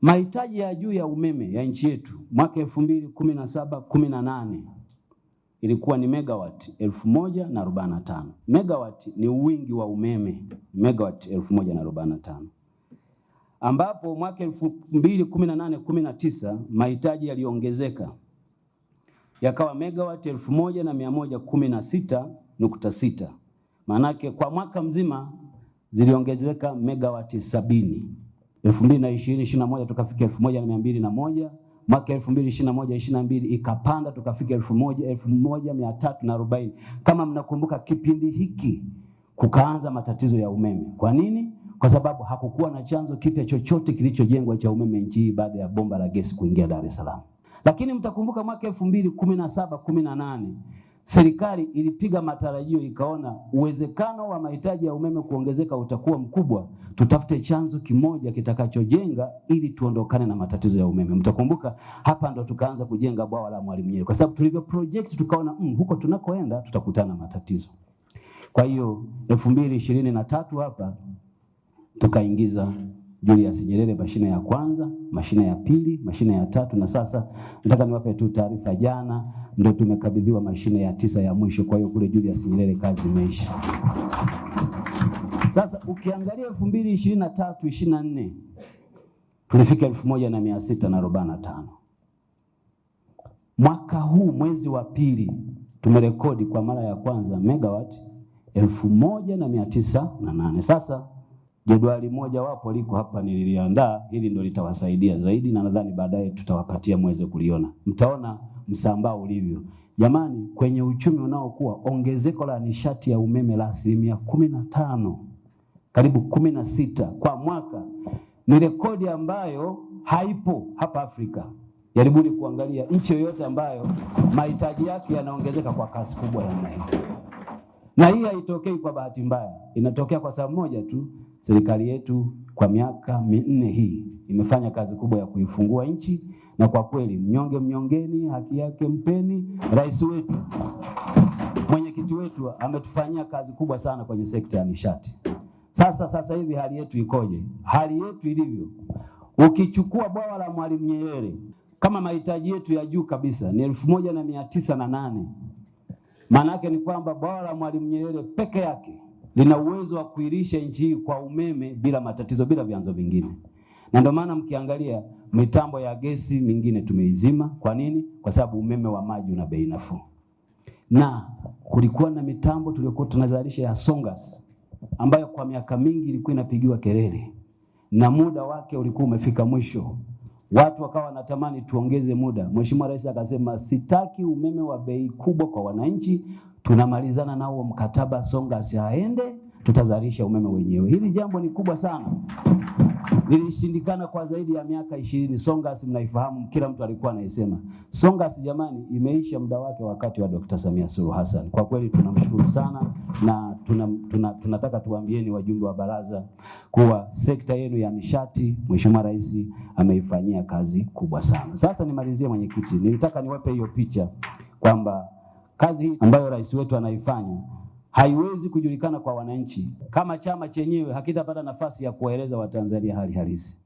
Mahitaji ya juu ya umeme ya nchi yetu mwaka 2017 18 ilikuwa ni megawati elfu moja na arobaini na tano. Megawati ni wingi wa umeme, megawati elfu moja na arobaini na tano ambapo mwaka 2018 19 mahitaji yaliongezeka yakawa megawati elfu moja na mia moja kumi na sita nukta sita. Maanake kwa mwaka mzima ziliongezeka megawati sabini elfu mbili na ishirini ishirini na moja tukafika elfu moja na mia mbili na moja mwaka elfu mbili ishirini na moja ishirini na mbili ikapanda tukafika elfu moja elfu moja mia tatu na arobaini Kama mnakumbuka kipindi hiki kukaanza matatizo ya umeme. Kwa nini? Kwa sababu hakukuwa na chanzo kipya chochote kilichojengwa cha umeme nchi hii baada ya bomba la gesi kuingia Dar es Salaam. Lakini mtakumbuka mwaka elfu mbili kumi na saba kumi na nane serikali ilipiga matarajio ikaona uwezekano wa mahitaji ya umeme kuongezeka utakuwa mkubwa, tutafute chanzo kimoja kitakachojenga ili tuondokane na matatizo ya umeme. Mtakumbuka hapa ndo tukaanza kujenga bwawa la Mwalimu Nyerere, kwa sababu tulivyo project tukaona mm, huko tunakoenda tutakutana matatizo. Kwa hiyo elfu mbili ishirini na tatu hapa tukaingiza Julius Nyerere, mashine ya kwanza, mashine ya pili, mashine ya tatu, na sasa nataka niwape tu taarifa, jana ndio tumekabidhiwa mashine ya tisa ya mwisho. Kwa hiyo kule Julius Nyerere kazi imeisha. Sasa ukiangalia 2023 24 tulifika elfu moja na mia sita na arobaini na tano. Mwaka huu mwezi wa pili tumerekodi kwa mara ya kwanza megawati elfu moja na mia tisa na nane. Sasa Jedwali moja wapo liko hapa nililiandaa, hili ndio litawasaidia zaidi, na nadhani baadaye tutawapatia mweze kuliona, mtaona msambao ulivyo. Jamani, kwenye uchumi unaokuwa ongezeko la nishati ya umeme la asilimia kumi na tano karibu kumi na sita kwa mwaka ni rekodi ambayo haipo hapa Afrika. Jaribuni kuangalia nchi yoyote ambayo mahitaji yake yanaongezeka kwa kasi kubwa namna hii, na hii haitokei kwa bahati mbaya, inatokea kwa sababu moja tu Serikali yetu kwa miaka minne hii imefanya kazi kubwa ya kuifungua nchi, na kwa kweli mnyonge mnyongeni, haki yake mpeni. Rais wetu, mwenyekiti wetu ametufanyia kazi kubwa sana kwenye sekta ya nishati. Sasa sasa hivi hali yetu ikoje? Hali yetu ilivyo, ukichukua bwawa la Mwalimu Nyerere kama mahitaji yetu ya juu kabisa ni elfu moja na mia tisa na nane maana yake ni kwamba bwawa la Mwalimu Nyerere peke yake lina uwezo wa kuirisha nchi hii kwa umeme bila matatizo, bila vyanzo vingine. Na ndio maana mkiangalia mitambo ya gesi mingine tumeizima. Kwa nini? Kwa sababu umeme wa maji una bei nafuu, na kulikuwa na mitambo tuliyokuwa tunazalisha ya Songas ambayo kwa miaka mingi ilikuwa inapigiwa kelele na muda wake ulikuwa umefika mwisho. Watu wakawa wanatamani tuongeze muda. Mheshimiwa Rais akasema sitaki umeme wa bei kubwa kwa wananchi, tunamalizana nao mkataba, Songa asiaende, tutazalisha umeme wenyewe. Hili jambo ni kubwa sana, nilishindikana kwa zaidi ya miaka ishirini. Songas mnaifahamu, kila mtu alikuwa anaisema Songas. Jamani, imeisha muda wake wakati wa Dr. Samia Suluhu Hassan. Kwa kweli tunamshukuru sana na tuna, tuna, tunataka tuambieni wajumbe wa baraza kuwa sekta yenu ya nishati Mheshimiwa Rais ameifanyia kazi kubwa sana. Sasa nimalizie, mwenyekiti, nilitaka niwape hiyo picha kwamba Kazi ambayo rais wetu anaifanya haiwezi kujulikana kwa wananchi kama chama chenyewe hakitapata nafasi ya kuwaeleza Watanzania hali halisi.